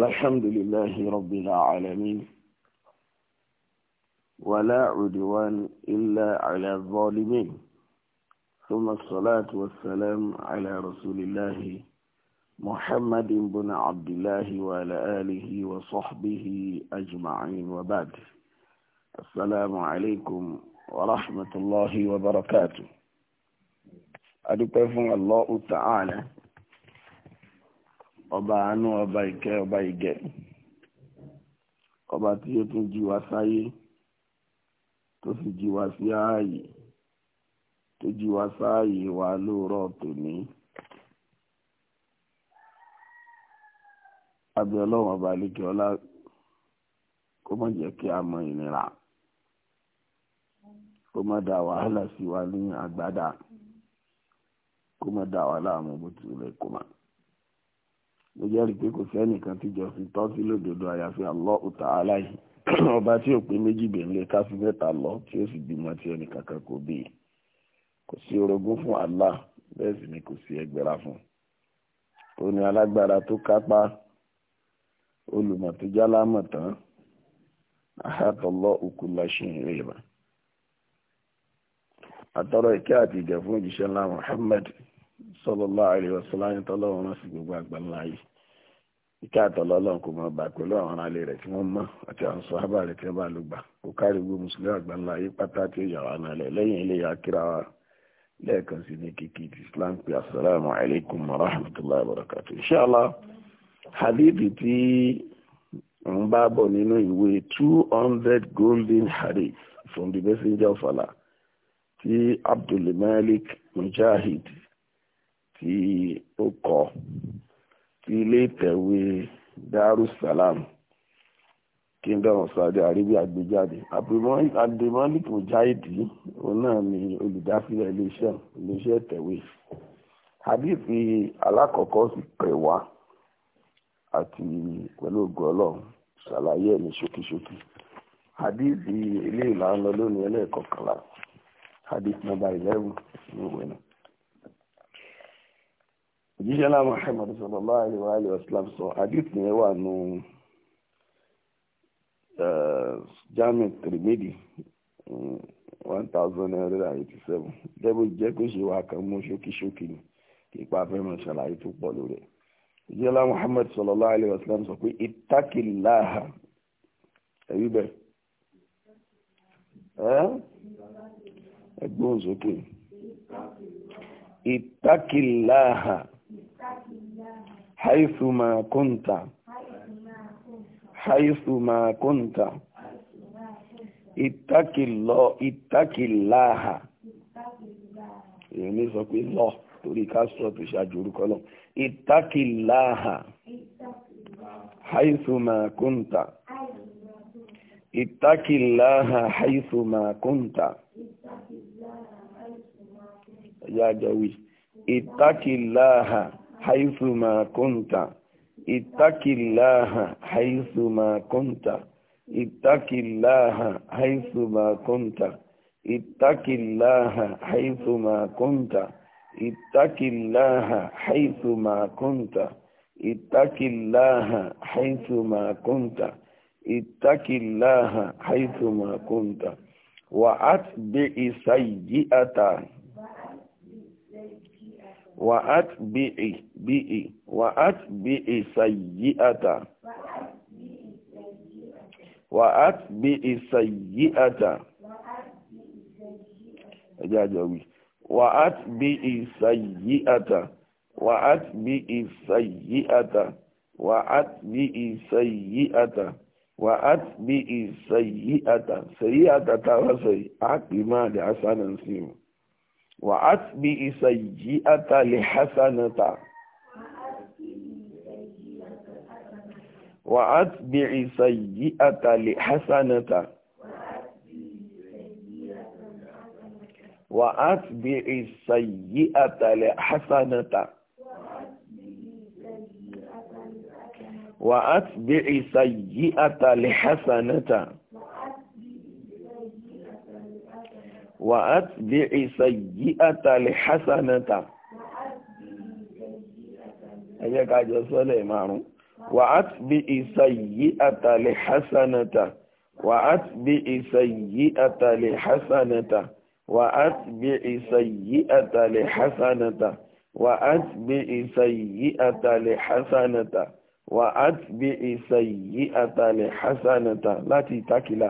الحمد لله رب العالمين ولا عدوان إلا على الظالمين ثم الصلاة والسلام على رسول الله محمد بن عبد الله وعلى آله وصحبه أجمعين وبعد السلام عليكم ورحمة الله وبركاته أدوكم الله تعالى ọba àánú ọba ìkẹ́ ọba ìgẹ̀ ọba tí ó tún jí wa sáyé tó sì jí wa sí ààyè tó jí wa sáàyè wa lóòrọ̀ tòní. abẹ ọlọ́run ọba àlejò ọlá kó má jẹ́ kí a mọ ìnira kó má da wàhálà sí wa ní àgbádà kó má da wàhálà àmọ́ bó tilẹ̀ kó má mo jẹ́rìí pé kò sẹ́nìkan tíjọ sí tọ́sí lódodo àyàfi Allahu Ta'ala yìí ọba tí ò pé méjì bẹ̀rẹ̀ ká fi mẹ́ta lọ tí ó sì bímọ tí ẹnì kankan kò bí i kò sí orogún fún Allah bẹ́ẹ̀ sì ni kò sí ẹgbẹ́ra fún un ó ní alágbára tó kápá olùmọ̀ tó jálámọ̀ tán àhàtọ̀lọ́ òkúlá ṣe ń rèébà àtọ́rọ̀ ìkẹ́ àti ìjẹ̀ òjíṣẹ́ ńlá Muhammad sallallahu alaihi wasallam tọ́lọ́run rán sí gbogbo àgbáńlá yìí ìkẹ́ àtọ̀lọ́lọ́run kò mọ̀ bà pẹ̀lú àwọn ará ilé rẹ̀ tí wọ́n mọ̀ àti àwọn sọ́hábà rẹ̀ tí wọ́n bá lò gbà kó kárí gbogbo mùsùlùmí àgbáńlá yìí pátá tí ó yà wá nálẹ̀ lẹ́yìn ilé ya kíra wa lẹ́ẹ̀kan sí ní kíkí Islam pé asalaamu alaykum wa rahmatulahi wa barakatuh inshallah hadithi tí ń bá bọ̀ nínú ìwé two hundred golden hadith from the messenger of Allah ti Abdul Malik Mujahid tí ó kọ ti ilé ìtẹ̀wé darussalam kingdom of saudi arabia gbé jáde abdulmalik mujahidi òun náà ni olùdásílẹ̀ iléeṣẹ́ iléeṣẹ́ ìtẹ̀wé hadithi alákọ̀ọ́kọ́ sì pẹ̀ wá àti pẹ̀lú ògùn ọlọ́run ṣàlàyé ẹ̀ ní ṣókíṣókí hadithi ilé ìlànà lónìí ẹlẹ́ẹ̀kọkànlá hadith number eleven ní ìwé náà òjíṣẹ́ náà Muhammad sallallahu alaihi wa sallam sọ hadith yẹn wà nù jami tirimidi one thousand nine hundred and eighty seven jẹ́bú jẹ́ kó ṣe wà kàn mú ṣókíṣókí ni kí ipa fẹ́ràn ṣàlàyé tó pọ̀ lórí ẹ̀ òjíṣẹ́ náà Muhammad sallallahu alaihi wa sallam sọ pé ittaqillaha ẹ̀rí bẹ́ẹ̀ ẹgbọ́n sókè ìtàkìláhà haithuma kunta haithuma kunta ìtàkìlọ ìtàkìláha èyàn ní sọ pé lọ torí castro tó ṣáájú orúkọ lọ ìtàkìláha haithuma kunta ìtàkìláha haithuma kunta ìyá àjọwì ìtàkìláha haithuma kunta ittaqillaha haithuma kunta ittaqillaha haithuma kunta ittaqillaha haithuma kunta ittaqillaha haithuma kunta ittaqillaha haithuma kunta ittaqillaha haithuma kunta wa atbi'i sayyi'ata وأتبعي بئي وأتبعي سيئة وأتبعي سيئة أجاجوي وأتبعي سيئة وأتبعي سيئة وأتبعي سيئة وأتبعي سيئة سيئة ترى سيئة أقيمة لأسانا سيئة وأتبع سيئة لحسنة وأتبع سيئة لحسنة وأتبع السيئة لحسنة وأتبع سيئة لحسنة وأتبع سيئة الحسنة ẹjẹ́ kájọ sọ́lẹ̀ márùn wà á ti bí ìsàyí àtàlẹ̀ hasanata wà á ti bí ìsàyí àtàlẹ̀ hasanata wà á ti bí ìsàyí àtàlẹ̀ hasanata wà á ti bí ìsàyí àtàlẹ̀ hasanata wà á ti bí ìsàyí àtàlẹ̀ hasanata láti ìtàkìlá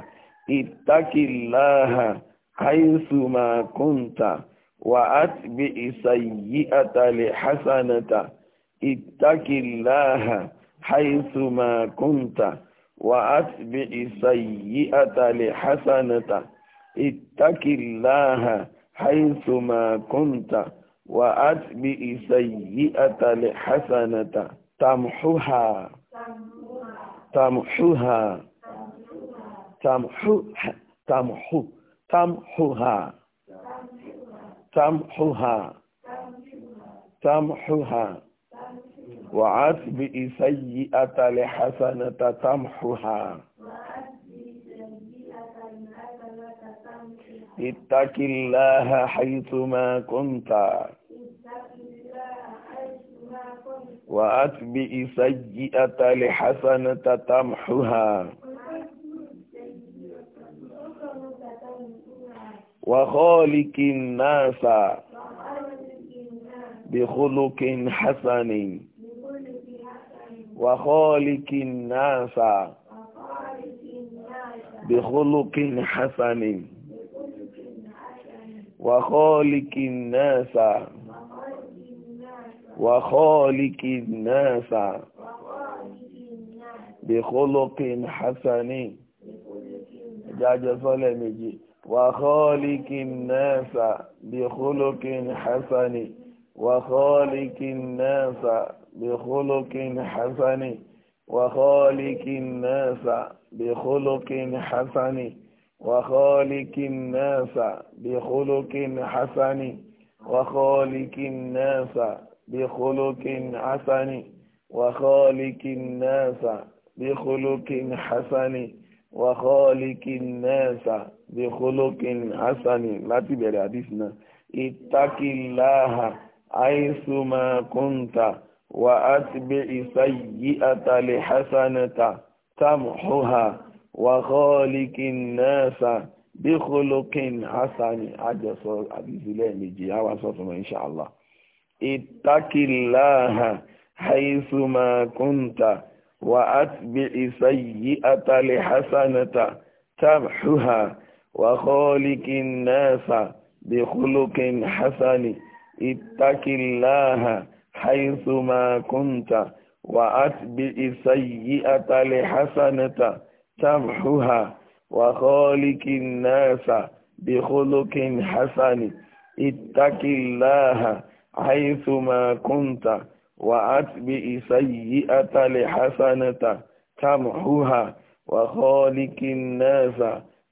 ìtàkìláha. حيث ما كنت وأتبع سيئة لحسنة اتك الله حيث ما كنت وأتبع سيئة لحسنة اتك الله حيث ما كنت وأتبع سيئة لحسنة تمحوها تمحوها تمحوها تمحو تمحوها تمحوها تمحوها وعتب سيئة لحسنة تمحوها اتق الله حيثما كنت وأتبئ سيئة لحسنة تمحها وخالق الناس بخلق حسن وخالق الناس بخلق حسن وخالق الناس وخالق الناس بخلق حسن جاء جسول مجيء وخالق الناس بخلق حسن وخالق الناس بخلق حسن وخالق الناس بخلق حسن وخالق الناس بخلق حسن وخالق الناس بخلق حسن وخالق الناس بخلق حسن wàhálìkì nẹ́ẹ̀sà bí kólókìn hasani láti bẹ̀rẹ̀ àdísì náà ìtàkìláhà àìsùmọ̀ kúńtà wà á ti bẹ ìsáyí àtàlẹ̀ hasanata tamhuha wàhálìkì nẹ́ẹ̀sà bí kólókìn hasani àjọsọ àdísì lẹ́ẹ̀mejì àwa sọ́tùmọ̀ inṣàlá ìtàkìláhà àìsùmọ̀ kúńtà. وأتبع سيئة لحسنة تمحها وخالق الناس بخلق حسن اتق الله حيث ما كنت وأتبع سيئة لحسنة تمحها وخالق الناس بخلق حسن اتق الله حيث ما كنت وأتبع سيئة لحسنة تمحوها وخالق الناس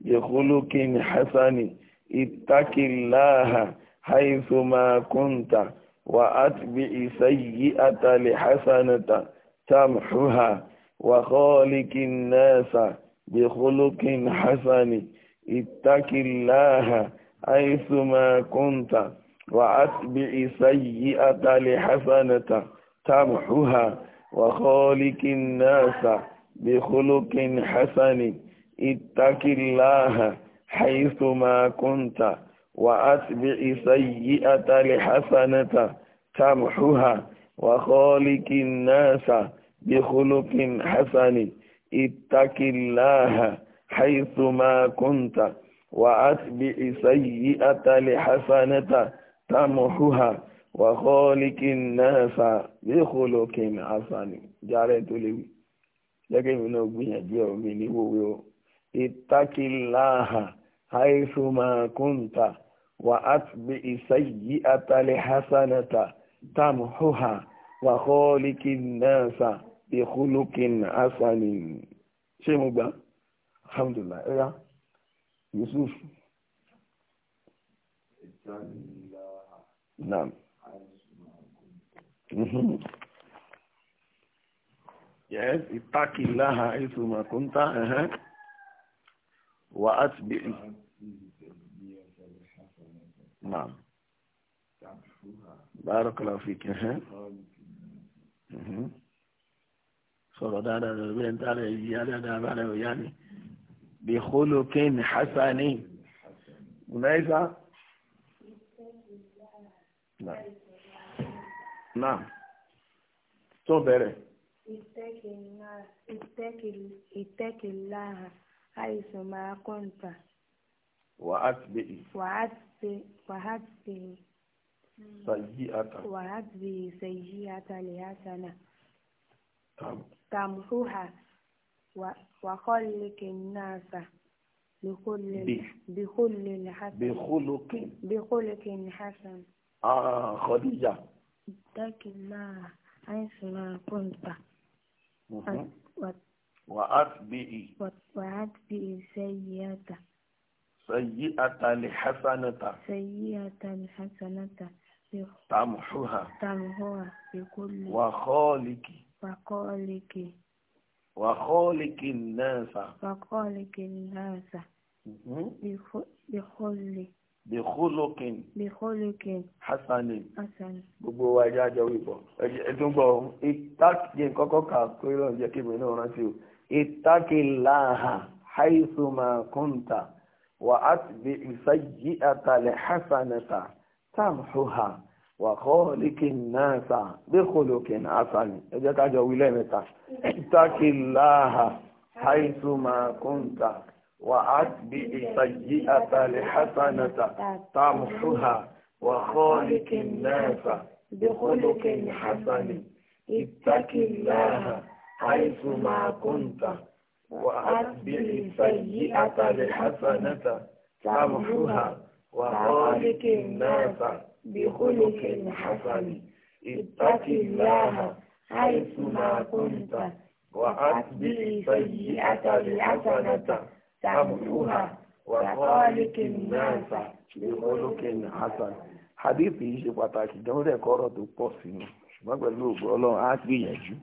بخلق حسن اتق الله حيث ما كنت وأتبع سيئة لحسنة تمحها وخالق الناس بخلق حسن اتق الله حيث ما كنت وأتبع سيئة لحسنة سمحها وخالق الناس بخلق حسن اتق الله حيث ما كنت وأتبع سيئة الحسنة تمحها وخالق الناس بخلق حسن اتق الله حيث ما كنت وأتبع سيئة الحسنة تمحها wàhálíkì náà fa yóò kó lọ kí n àfààní járe tó léwu jẹ́kẹ́ mi náà gbìyànjú ọ̀rọ̀ mi ní wòwe o ìtakìláhà àìsùnmá kúńtà wà á ìsáyìí atalẹ̀ hasanata tamhuha wàhálíkì náà fa ìkúlùkì àfààní ṣé mo gbà alhamdulillah ẹ̀yà yusuf. Naam. yes ittaqillaha aithuma kunta aha wa atbi نعم بارك الله فيك ها sọ̀rọ̀ dáadáa lọ bí ẹni tá rẹ̀ yí adáadáa bá rẹ̀ òyá Nah. náà tó bẹ̀rẹ̀. ìtẹ́kìláhà àìsàn máa kọ́ńtà. wàhátìbì. wàhátìbì. sàyí ata. wàhátìbì sàyí ata lè hasana. tàmùhùhà wàhálìkì náà sà. بخلق حسن بخلق حسن آه خديجة ittaqillaha haythuma kunta mhm. wa'atbi'i wa'atbi'i sayyi'ata sayyi'ata lihasanata sayyi'ata lihasanata tamhuha tamhuha bikulli wa khaliqi wa khaliqi wa khaliqin nasa wa khaliqin nasa mhm. bi khulli bìkúlùkìn bìkúlùkìn hasani hasani gbogbo wa ẹjẹ àjọ wípọ ẹdún gbọ ìtàkì kọ́kọ́ kà kúrò ń jẹ kí mi náà rántí o ìtàkì láàhà haisuma kunta wa atbi ìsàyí àtàlẹ hasanata tamhuha wa khaliqin nasa bìkúlùkìn hasani ẹjẹ kájọ wílẹ̀ mẹ́ta ìtàkì láàhà haisuma kunta. وأتبع سيئة لحسنة تمحها وخالق الناس بخلق حسن اتق الله حيث ما كنت وأتبع سيئة لحسنة تمحها وخالق الناس بخلق حسن اتق الله حيث ما كنت وأتبع سيئة لحسنة سمعها وخالق الناس بخلق حسن hadith yìí ṣe pàtàkì gan ó dẹ̀kọ́ ọ̀rọ̀ tó pọ̀ sínú ṣùgbọ́n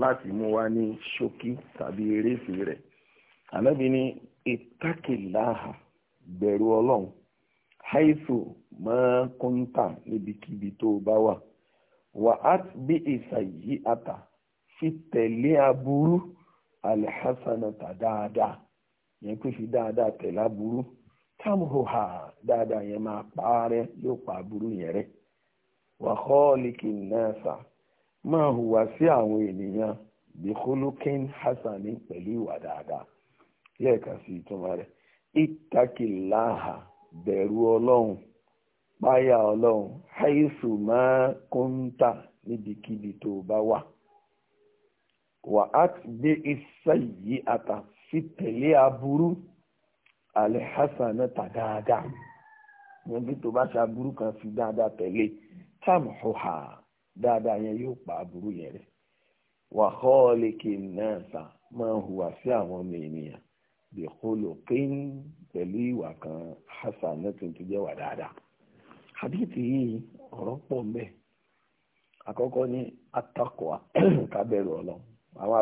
láti mú wa ní ṣókí tàbí eréfì rẹ̀ ànábi ní ìtàkìláhà bẹ̀rù ọlọ́run haifu máa kúńtà níbikíbi tó bá wà wà á bí àtà fi tẹ̀lé aburú dáadáa yẹn pé fi dáadáa tẹ̀ láburú tamuhoha dáadáa yẹn máa pa á rẹ yóò pa aburú yẹn rẹ wà họ́ọ̀lìkì nẹ́ẹ̀sà máa hùwà sí àwọn ènìyàn bíkúlùkín hasanin pẹ̀lú ìwà dáadáa lẹ́ẹ̀ka sí ìtumọ̀ rẹ̀ ìtàkìláhà bẹ̀rù ọlọ́run páyà ọlọ́run haisu máa kúńtà níbikíbi tó bá wà wà á ti gbé iṣẹ́ yìí àtàkùn fi tẹ̀lé aburú alihasana ta dáadáa yẹn bí tó bá ṣe aburú kan fi dáadáa tẹ̀lé tamhuha dáadáa yẹn yóò pa aburú yẹn wà khaliqi nasa máa hùwà sí àwọn ọmọ ènìyàn pẹ̀lú ìwà kan tuntun jẹ́ wà dáadáa yìí ọ̀rọ̀ pọ̀ mbẹ́ àkọ́kọ́ ní atakwa kábẹ́rù àwọn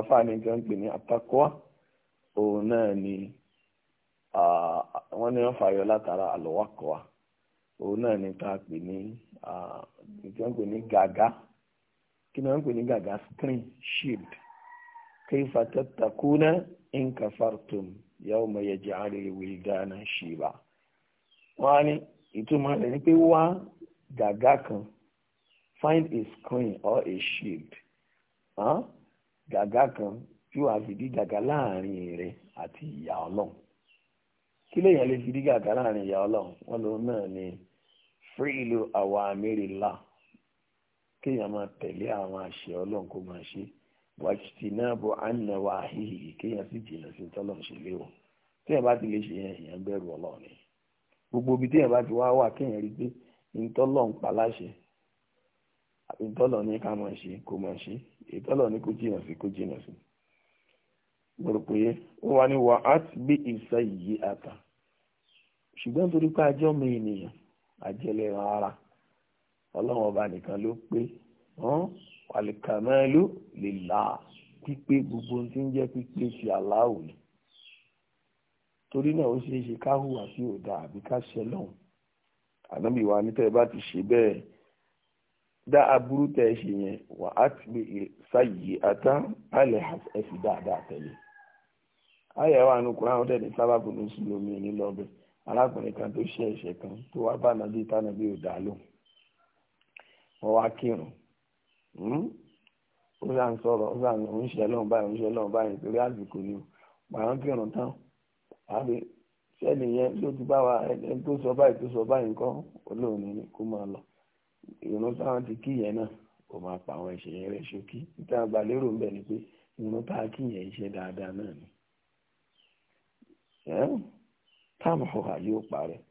afáàní tí wọ́n ń atakwa. òun náà ni wọ́n ní wọ́n fàyọ látara àlọ́wàkọ́wà òun náà ni tá a pè ní tí wọ́n pè ní gàgá kí ni wọ́n pè ní gàgá screen shield kayfa tattakuna in kafartum yawma yaj'alu al-wildana shiba wọ́n á ní ìtumọ̀ rẹ̀ ni pé wá gàgá kan find a screen or a shield gàgá kan tí wàá fi dígàgà láàrin rẹ àti ìyà ọlọ́run kí lèèyàn lè fi dígàgà láàrin ìyà ọlọ́run wọn lòun náà ni frilo awa amérìlá kéèyàn máa tẹ̀lé àwọn àṣẹ ọlọ́run kó máa ṣe wàjìtì náà bọ ànáwó àhíhì kéèyàn sì jìnnà sí tọ́lọ́run ṣe léwọ̀ ti lè ṣe yẹn èèyàn bẹ̀rù ni gbogbo ibi téèyàn bá ti wá wà kéèyàn rí pé ìtọ́lọ́run pa ní ká máa ṣe kó máa ṣe ìtọ́lọ́run gbòròpòye ó wà ní wà á ti gbé ìsà yìí àtà ṣùgbọ́n torí pé ajọ́ mi ènìyàn àjẹlẹ̀ràn ara ọlọ́run ọba nìkan ló pé àlìkàmẹ́lú lè là pípé gbogbo tí ń jẹ́ pípé ti aláwò ni torí náà ó ṣeé ṣe ká hùwà sí òdà àbí ká ṣe lọ́hùn ànábì wa ní tẹ́ bá ti ṣe bẹ́ẹ̀ dá aburú tẹ́ ẹ ṣe yẹn wà á ti gbé sáyé ata alẹ́ ẹ̀sìn dáadáa tẹ̀lé ayé wa nu kuran ọdẹ ní sábàbù ní sùlùmí ní lọbẹ arákùnrin kan tó ṣe ẹ̀ṣẹ̀ kan tó wá bá nàbí tánàbí ò dá lò wọn wá kírun hmm? ó sàn sọ̀rọ̀ ó sàn ń ṣe lọ́hùn báyìí ń ṣe lọ́hùn báyìí torí àsìkò ni pàrọ̀ kírun tán àbí sẹ́ni yẹn ló ti bá wa ẹni tó sọ báyìí tó sọ báyìí nǹkan olóòní ni kó máa lọ ìrún táwọn ti kí yẹn náà kò máa pa àwọn ẹ̀ṣẹ̀ yẹn rẹ̀ ṣókí nítorí àgbà lérò ń bẹ̀ ni pé ìrún tá a kí yẹn iṣẹ́ dáadáa náà ni táàmù hùwà yóò parẹ́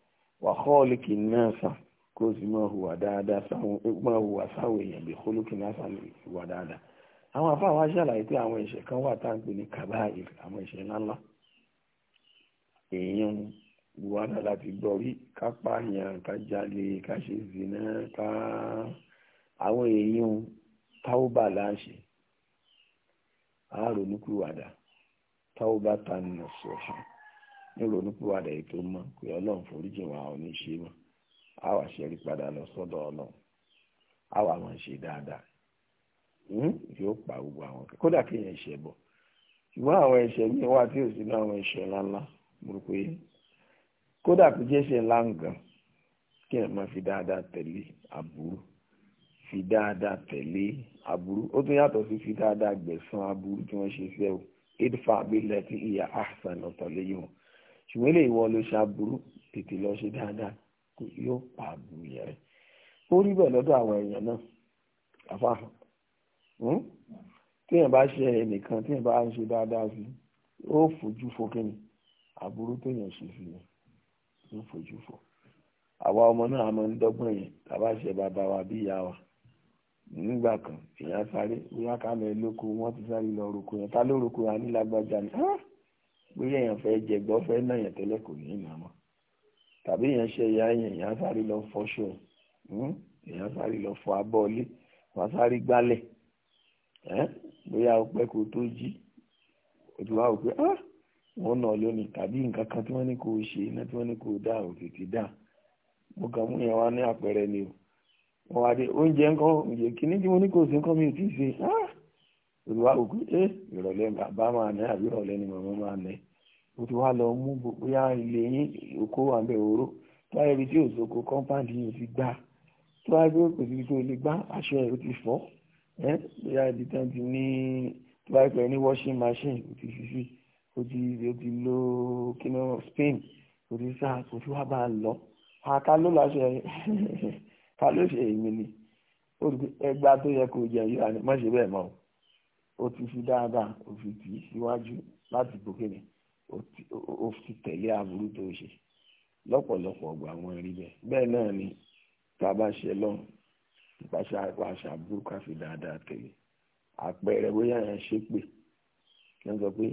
wà họ́ọ̀lìkì náà sàn kó o sì máa hùwà dáadáa sáwọn máa hùwà sáwọn èèyàn bí hólókì náà sàn hùwà dáadáa àwọn afáwọn aṣàlàyé pé àwọn ẹ̀ṣẹ̀ kan wà tá à ń pè ní kàbáyé àwọn ẹ̀ṣẹ̀ ńláńlá èèyàn buhari láti gbọ́ rí ká pààyàn ká jalè ká ṣe zina ká àwọn èèyàn táwọ́bà láṣẹ àárò nípìwàdà táwọ́bà tanìyàn sọ̀ṣọ́ ní ronúpìwàdà yìí tó mọ́ pé ọlọ́run foríjì wọn àwọn oníṣe mọ́ a wà ṣẹ́rí padà lọ sọ́dọ̀ ọlọ́run a wà máa ṣe dáadáa hmm? yóò pa gbogbo àwọn kódà kéèyàn ẹ̀ṣẹ̀ bọ̀ ṣùgbọ́n àwọn ẹ̀ṣẹ̀ míì wà tí ò sí náà àwọn ẹ̀ṣẹ̀ ńláńlá mo rò pé kódà kò jẹ́ ṣe ńlá nǹkan kí ẹ̀ máa fi dáadáa tẹ̀lé aburú fi dáadáa tẹ̀lé aburú ó tún yàtọ̀ sí fi dáadáa gbẹ̀san aburú tí wọ́n ṣe fẹ́ o idfa abilẹ̀ tí ìyá ahsan ọ̀tọ̀ lẹ́yìn o ṣùgbọ́n ilé ìwọ ló ṣàbùrú tètè lọ ṣe dáadáa kò yóò pa àbùrú yẹn rẹ̀ ó rí bẹ́ẹ̀ lọ́dọ̀ àwọn èèyàn náà àfàhàn hmm? téèyàn bá ṣe ẹnìkan téèyàn bá ń ṣe dáadáa sí ó fojú fo kí ni àbúrú téèyàn ṣe sí ni ó fojú fo àwa ọmọ náà máa ń dọ́gbọ́n yẹn tàbá ṣe bàbá wa bí ìyá wa nígbà kan èèyàn sáré bóyá ká mẹ́ lóko wọ́n ti sáré lọ roko yẹn ta ló roko yẹn ní lágbájá ni ah! bóyá èèyàn fẹ́ jẹ gbọ́ fẹ́ náà yẹn tẹ́lẹ̀ kò ní ìmọ̀ àmọ́ tàbí èèyàn ṣe ìyá yẹn èèyàn sáré lọ fọṣọ hmm? èèyàn sáré lọ fọ abọ́ọ̀lé wàá sáré gbálẹ̀ bóyá o pẹ́ kó tó jí òtù wa ò pé ah! wọ́n nà ọ́ lónìí tàbí nǹkan kan tí wọ́n ní kó ṣe iná tí wọ́n ní kó dá ò tètè dá mo kàn mú yẹn wá ní àpẹẹrẹ ni o wọ́n wá dé oúnjẹ ńkọ́ oúnjẹ kíní tí mo ní kó o ṣe mi ò tí ì ṣe ah! olùwà wò pé ẹ ìrọ̀lẹ́ bàbá máa nẹ àbí ìrọ̀lẹ́ ni màmá máa nẹ mo ti wá lọ mú bóyá ilé yín òkó wà ń bẹ̀ òró tó ayé ibi tí òṣòkò kọ́ńpáàdì yìí ti gbà tó ayé bí kò sí tó lè gbá aṣọ ẹ̀ ó ti fọ́ ẹ bóyá ibi tán ti ní tó ayé pẹ̀lú ní washing machine ó ti fífi ó ti ó ti lo kíná spain ó ti sá kò sí wá bá a lọ àká ló láṣọ ẹ ká ló ṣe èmi ni ẹgbàá tó yẹ kó jẹ yóò má ṣe bẹ́ẹ̀ mọ́ o ó ti fi dáadáa ó fi tì í síwájú láti gòkèlè ó fi tẹ̀lé aburú tó ṣe lọ́pọ̀lọpọ̀ ọgbà wọn rí bẹ́ẹ̀ bẹ́ẹ̀ náà ni tá a bá ṣe lọ́n ìpàṣẹ àpàṣà aburú ká fi dáadáa tẹ̀lé àpẹẹrẹ bóyá yẹn ṣe pé kí wọ́n sọ pé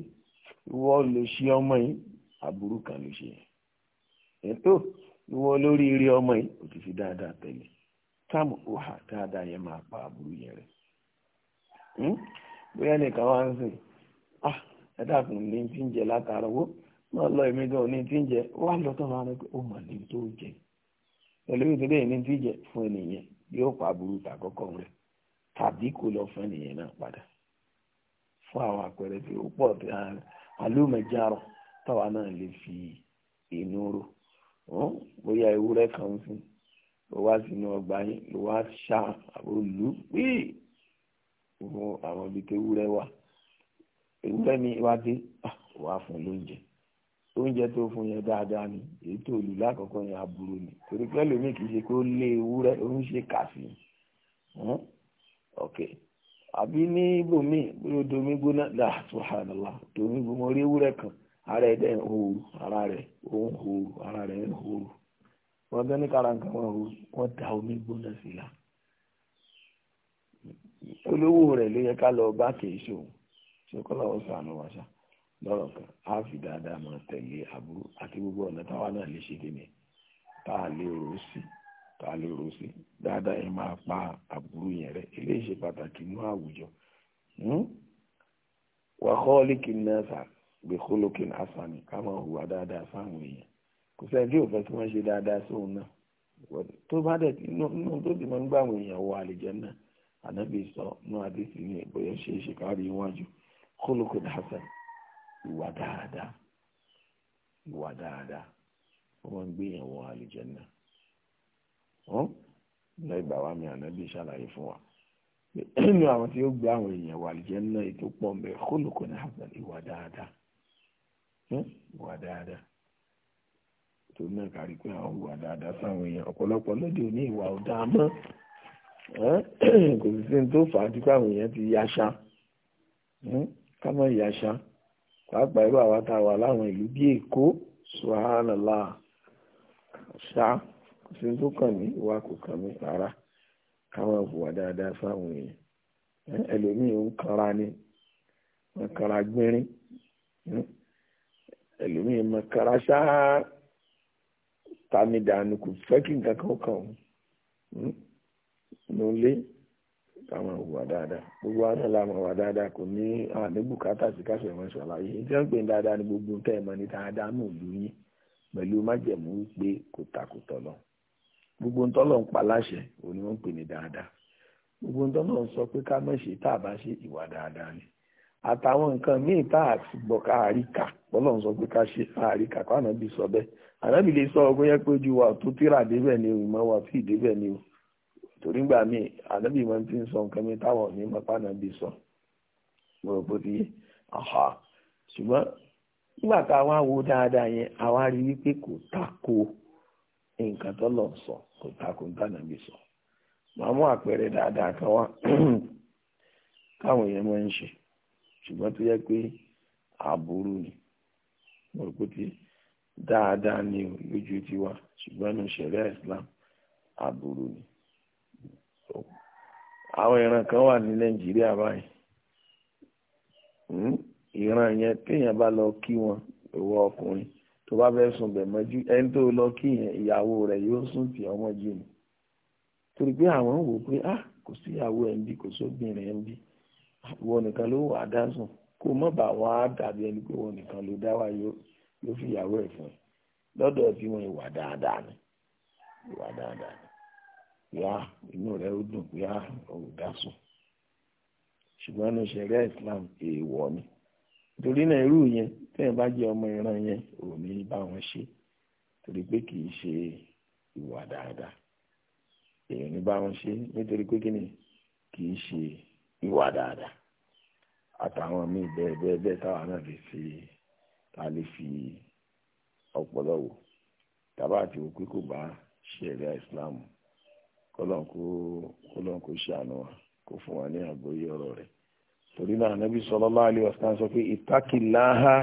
ìwọ ló ṣe ọmọ yìí aburú kan ló ṣe yẹn ètò ìwọ lórí ọmọ yìí ó ti fi dáadáa tẹ̀lé táàmù òhà dáadáa yẹn máa pa aburú yẹn rẹ̀. Hmm? bóyá nìkan wá ń sìn ah ẹ̀dàkùn ní ti ń jẹ látara owó náà lọ èmi gan ní ti ń jẹ wá lọ tó máa ń pẹ́ ó mọ̀ ní tó jẹ fún yóò pa tàbí kò lọ fún ẹnìyẹn náà padà fún àwọn àpẹẹrẹ tí ó tí táwa náà lè fi inú hm, bóyá kan fún àwọn ibi tó wúrẹ́ wà ewúrẹ́ mi wá dé ah, wàá fún lóúnjẹ oúnjẹ tó fún yẹn dáadáa ni èyí tó lù lákọ̀ọ́kọ́ yẹn aburú ni torí pé lómi kì ṣe kó lé ewúrẹ́ ó ń ṣe kàfí ọ̀kẹ́ hmm? àbí ní ibòmí lódò mi gbóná dà subhanallah tòmí gbóná orí ewúrẹ́ kan ara ẹ̀ dẹ̀ ń hooru ara rẹ̀ ó ń hooru ara rẹ̀ ń hooru wọ́n gbé ní kára nǹkan wọn hooru wọ́n da omi gbóná sí i lára olówó rẹ̀ ló yẹ ká lọ bá kìí ṣòun ṣe kọ́lá ó sànù wá ṣá lọ́rọ̀ kan á fi dáadáa máa tẹ̀lé àbúrò àti gbogbo ọ̀nà táwa náà lè ṣe kéde tá a lè rò ó sí tá a lè rò ó sí dáadáa yẹn máa pa àbúrò yẹn rẹ eléyìí ṣe pàtàkì inú àwùjọ wà kọ́ọ̀lìkì nẹ́ẹ̀sà gbèkólókè asani ká máa hùwà dáadáa sáwọn èèyàn kò sẹ́ni tí ò fẹ́ kí wọ́n ṣe dáadáa sóun náà tó bá dẹ̀ tó ti máa ń gbà àwọn èèyàn wọ àlìjẹ náà ànábì sọ ní àdìsí ní ìbòyẹ ṣe é ṣe kárí iwájú kólókòdà hasan ìwà dáadáa ìwà dáadáa wọ́n lọ ìgbà wa mi ànábì ṣàlàyé fún wa nínú àwọn tí ó gbé àwọn èèyàn wọ àlùjànnà ètò pọ̀ ń ìwà dáadáa ìwà dáadáa tó náà kárí pé àwọn ìwà dáadáa sáwọn èèyàn ọ̀pọ̀lọpọ̀ lóde òní ìwà mọ́. kò sí sí tó fà á dípò àwọn èèyàn ti yaṣa hmm, ká mọ̀ yaṣa pàápàá irú àwa tá a wà láwọn ìlú bí Èkó suhanala ṣá kò sí tó kàn mí ìwà kò kàn mí rárá káwọn hùwà dáadáa fáwọn èèyàn ẹlòmíì ń kanra ni wọn kanra gbẹrin hmm, ẹlòmíì mọ kanra ṣáá tàmídàánù kò fẹ́ kí nǹkan kan kàn ọ́n. Hmm, nílé táwọn òwà dáadáa gbogbo àná làwọn òwà dáadáa kò ní àníbùkátà sí káṣọ ìwọ̀n ṣàlàyé ìjọ ń pè ní dáadáa ní gbogbo tẹ́ ẹ̀ mọ́ ní dáadáa náà lù yín pẹ̀lú májẹ̀mú wípé kò takò tọ̀lọ̀ gbogbo ntọ́lọ̀ ń pa láṣẹ òun ni wọ́n ń pè ní dáadáa gbogbo ntọ́lọ̀ ń sọ pé ká má ṣe tá a bá ṣe ìwà dáadáa ni àtàwọn nǹkan míì tá a ti gbọ́ ká àríkà bọ́lọ̀ sọ pé ká ṣe àríkà torí gbà mí ànábì máa ń ń sọ nǹkan mi táwọn ní máa pa ànábì sọ mo rò bó ti yé ṣùgbọ́n wo dáadáa yẹn a wá rí kò tako nǹkan tó lọ sọ kò tako nǹkan ànábì sọ màá mú àpẹẹrẹ dáadáa kan wá káwọn èèyàn máa ń ṣe pé àbúrú ni mo rò ti dáadáa Islam àbúrú àwọn ìran kan wà ní nàìjíríà báyìí hmm? ìran yẹn téèyàn bá lọ kí wọn ìwọ ọkùnrin tó bá fẹ́ sùn bẹ̀ mọ́jú ẹni tó lọ kí yẹn ìyàwó rẹ̀ yóò sùn tì ọmọ jù ní torí pé àwọn wò pé ah kò síyàwó ẹ̀ ń bí kò sóbìnrin ẹ̀ ń bí ìwọ nìkan ló wà á dá sùn kó má bàa wá dàbí ẹni pé ìwọ nìkan ló dá wá yóò fi ìyàwó ẹ̀ fún ẹ lọ́dọ̀ tí wọ́n ìwà dáadáa ni ìwà dáadáa ni yá ah, inú rẹ̀ ó dùn yá ah, olùdásùn ṣùgbọ́n inú ṣẹ̀rẹ́ Islam èèwọ̀ ni torí náà irú yẹn tẹ́yìn bá jẹ́ ọmọ ìran yẹn ò ní bá wọn ṣe torí pé kì í ṣe ìwà dáadáa èèyàn ní bá wọn ṣe nítorí pé kíni kì í ṣe ìwà dáadáa àtàwọn míì bẹ́ẹ̀ bẹ́ẹ̀ bẹ́ẹ̀ táwa náà lè fi ta lè fi ọpọlọ wò tàbá àti òkú kò bá ṣẹ̀rẹ́ Islam kọ́lọ́n kó kọ́lọ́n kó ṣàánú wa kó fún wa ní àgbọ́yé ọ̀rọ̀ rẹ̀ torí náà Ànábì sallallahu alaihi wasallam sọ pé ittaqillaha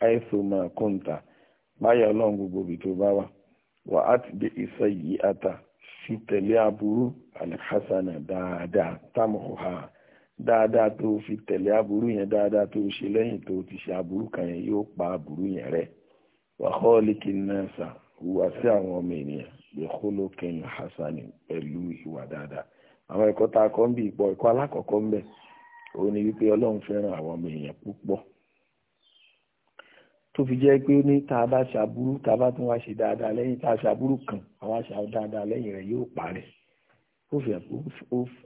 haythu ma kunta báyọ̀ ọlọ́run gbogbo ibi tó bá wà wà á ti dé isayyi'ata fi tẹ̀lé aburú alhasana dáadáa tamuha dáadáa tó fi tẹ̀lé aburú yẹn dáadáa tó ṣe lẹ́yìn tó ti ṣe aburú kan yẹn yóò pa aburú yẹn rẹ́ wa khaliqin nasa hùwà sí àwọn ọmọ ènìyàn bi khuluqin hasanin pẹ̀lú ìwà dáadáa àwọn ẹ̀kọ́ tá a kọ́ ń bí ipò ẹ̀kọ́ alákọ̀ọ́kọ́ ń bẹ̀ òun ni wípé ọlọ́run fẹ́ràn àwọn ọmọ èèyàn púpọ̀ tó fi jẹ́ pé ní tá a bá ṣàbúrú tá a bá tún wá ṣe dáadáa lẹ́yìn tá a ṣàbúrú kan àwa ṣà dáadáa lẹ́yìn rẹ̀ yóò parẹ́ ó fẹ́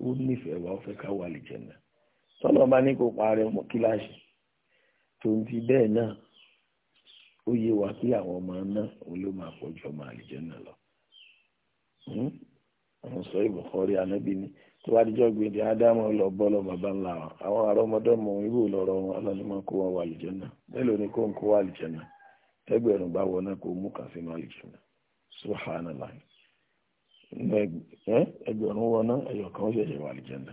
ó nífẹ̀ẹ́ wa ó fẹ́ ká wà lè jẹ̀nà tọ́lọ́ bá ní kó parẹ́ ọmọ kíláàsì tó ń fi bẹ́ẹ̀ náà ó yé wa pé àwọn ọmọ náà òun ló máa pọ̀ ju ọmọ náà lọ Hmm? sọ ìbùkọ́rí anábì ni tó bá díjọ́ gbèdé ádámù lọ bọ́ lọ bàbá ńlá wọn àwọn ará ọmọdọ́mọ irú lọ́rọ̀ wọn ọlọ́nìmọ̀ kó wọn wà mélòó ni kó ń kó wà àlùjánnà ẹgbẹ̀rún bá wọ náà kó mú kàn sínú àlùjánnà subhanallah ẹgbẹ̀rún wọn náà ẹyọ kan ṣẹ̀ṣẹ̀ wà àlùjánnà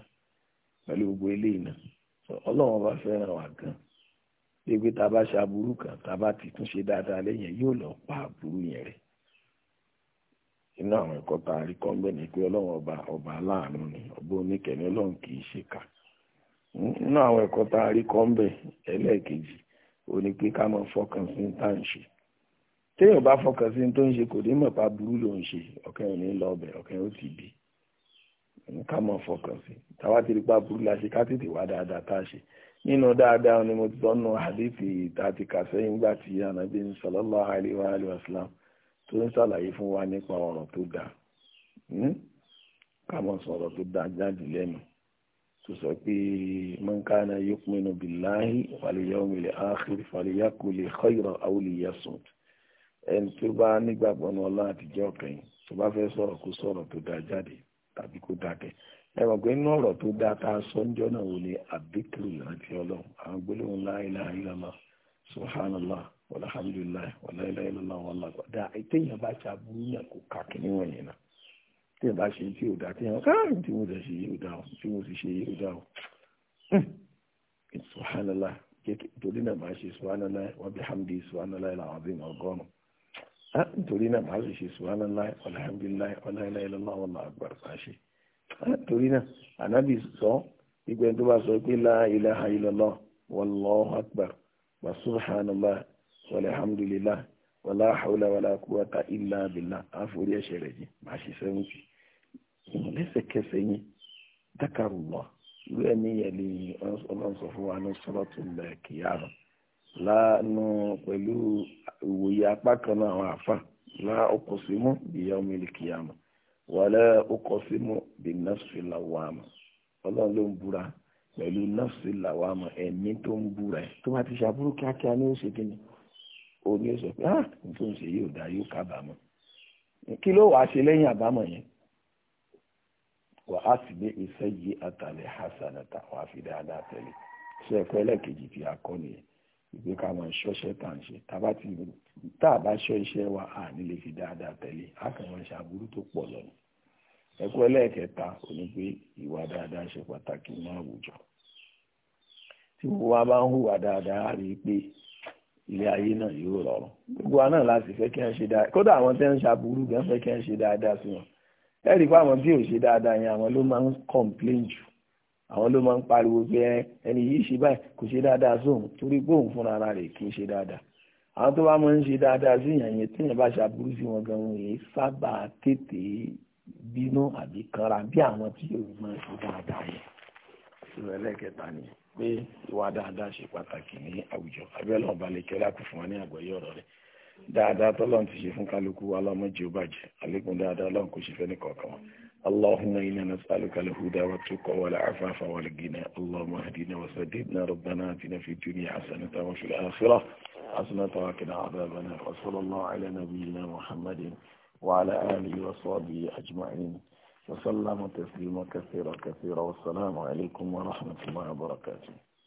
pẹ̀lú gbogbo eléyìí náà ọlọ́run bá fẹ́ràn wà gan tá a bá ṣe aburú kan tá a bá ti tún ṣe dáadáa lẹ́yìn yóò inú àwọn ẹ̀kọ́ tá rí kọ́ ńbẹ̀ ni pé ọlọ́run ọba ọba aláàánú ni ọba oníkẹ̀ẹ́ni ọlọ́run kì í ṣe kà hmm, inú àwọn ẹ̀kọ́ tá a rí kọ́ ńbẹ̀ ẹlẹ́ẹ̀kejì ó ní pé ká máa fọkàn sí tá à ń ṣe téèyàn bá fọkàn sí tó ń ṣe kò ní mọ̀ burú ló ń ṣe ọ̀kẹ́ ò ní lọ ọbẹ̀ ọ̀kẹ́ ó ti bí hmm, ká máa fọkàn sí táwa ti rí pa burú la ṣe ká tètè wá dáadáa tá a ṣe nínú dáadáa ni mo ti tọ́nu àdéhìí tá a ti kà sẹ́yìn gbà tí ànábì sallallahu alaihi wa alihi wasallam tó ń ṣàlàyé fún wa nípa ọ̀rọ̀ tó dáa hmm? káwọn sọ̀rọ̀ tó dáa jáde lẹ́nu tó sọ pé man kana yu'minu billahi wal yawmil akhir falyaqul khayran aw liyasmut ẹni tó bá nígbàgbọ́ ní ọlá àtijọ́ kẹyìn tó bá fẹ́ sọ̀rọ̀ kó sọ̀rọ̀ tó dáa jáde tàbí kó dákẹ́ ẹ mọ̀ pé inú ọ̀rọ̀ tó dáa tá a sọ ń jọ́ wò ní àbíkìrì àti ọlọ́run àwọn gbólóhùn la ilaha illallah subhanallah wọ́n alhamdulilayi wọ́n láìláì lọ́la wọ́n lágbà dáa téèyàn bá ṣe àbúyàn kò ká kí níwọ̀n yẹn náà téèyàn bá ṣe tí ò dá téèyàn káàrin tí mo ṣe yìí ò dá o tí mo sì ṣe yìí ò dá o subhanala shi náà máa wabi hamdi wa bihamdi subhanala làwọn ogonu ma gọ́nù nítorí náà máa ṣe subhanala alhamdulilayi wọ́n láìláì lọ́la wọ́n la ilaha wallahu akbar wa subhanallah walhamdulillah wàlá haúlá wàlá kúwàtà ilá abìlá àforí ẹ̀ṣẹ̀ rẹ̀ jì máa ṣe sẹ́wọ̀ntì lẹ́sẹ̀kẹsẹ̀ yín dákàrùlọ́ irú ẹni yẹn lè ọlọ́run sọ fún wa ní sọ́lọ́tù kìyàrá láàánú pẹ̀lú ìwòye apá kan náà àwọn àfà lá ọkọ̀ sí mú ìyá omi lè kìyàmù wàlẹ́ ọkọ̀ làwàmù ọlọ́run ló ń búra pẹ̀lú nọ́ọ̀sì làwàmù ẹ̀mí tó ń búra ẹ̀ tó bá ti ṣàbúrú kíákíá ní ó ṣe ó ní ó sọ pé ah nǹkan ṣe yóò dá yóò kábàámọ̀ kí ló wàá ṣe lẹ́yìn àbámọ̀ yẹn wà á sì gbé iṣẹ́ yìí àtàlẹ̀ hasanata wà á fi dáadáa tẹ̀lé ṣe ẹ̀kọ́ ẹlẹ́kejì tí a nìyẹn ìgbé ká máa ṣọ́ṣẹ́ tá ń ṣe tá a bá ṣọ́ iṣẹ́ wa à nílé fi dáadáa tẹ̀lé a kàn máa ṣe aburú tó pọ̀ lọ́nà ẹ̀kọ́ ẹlẹ́ẹ̀kẹta òní pé ìwà dáadáa ṣe pàtàkì ní àwùjọ tí gbogbo bá ń hùwà dáadáa rí i pé ilé ayé náà yóò rọrùn gbogbo wa náà láti fẹ́ kí wọ́n ṣe dáadáa kódà àwọn tẹ́ ń ṣàbúrú gan fẹ́ kí wọ́n ṣe dáadáa sí wọn ẹ̀rí pé àwọn tí ò ṣe dáadáa yẹn àwọn ló máa ń complain jù àwọn ló máa ń pariwo pé ẹni yìí ṣe báyìí kò ṣe dáadáa sóhun torí pé òun fúnra ara rẹ̀ kì í ṣe dáadáa àwọn tó bá máa ń ṣe dáadáa sí yàn yẹn téèyàn bá ṣàbúrú sí wọn gan wọn yìí sábà tètè bínú àbí kanra bí àwọn tí yóò máa ṣe dáadáa yẹn ìrọ̀lẹ́ kẹta nìyẹn pé ìwà dáadáa ṣe pàtàkì ní àwùjọ abẹ́lẹ̀ ọba lè kẹ́lá kù fún wa ní àgbáyé ọ̀rọ̀ rẹ̀ dáadáa tọ́lọ́n ti ṣe fún kálukú wa lọ́mọdé ó bàjẹ́ àlékún dáadáa lọ́n kò ṣe fẹ́ ní kọ̀ọ̀kan wọn. اللهم إنا نسألك الهدى والتقى والعفاف والغنى اللهم اهدنا وسددنا ربنا آتنا في الدنيا حسنة وفي الآخرة حسنة وقنا عذاب النار وصلى الله على نبينا محمد وعلى آله وصحبه أجمعين وسلم تسليما كثيرا كثيرا والسلام عليكم ورحمة الله وبركاته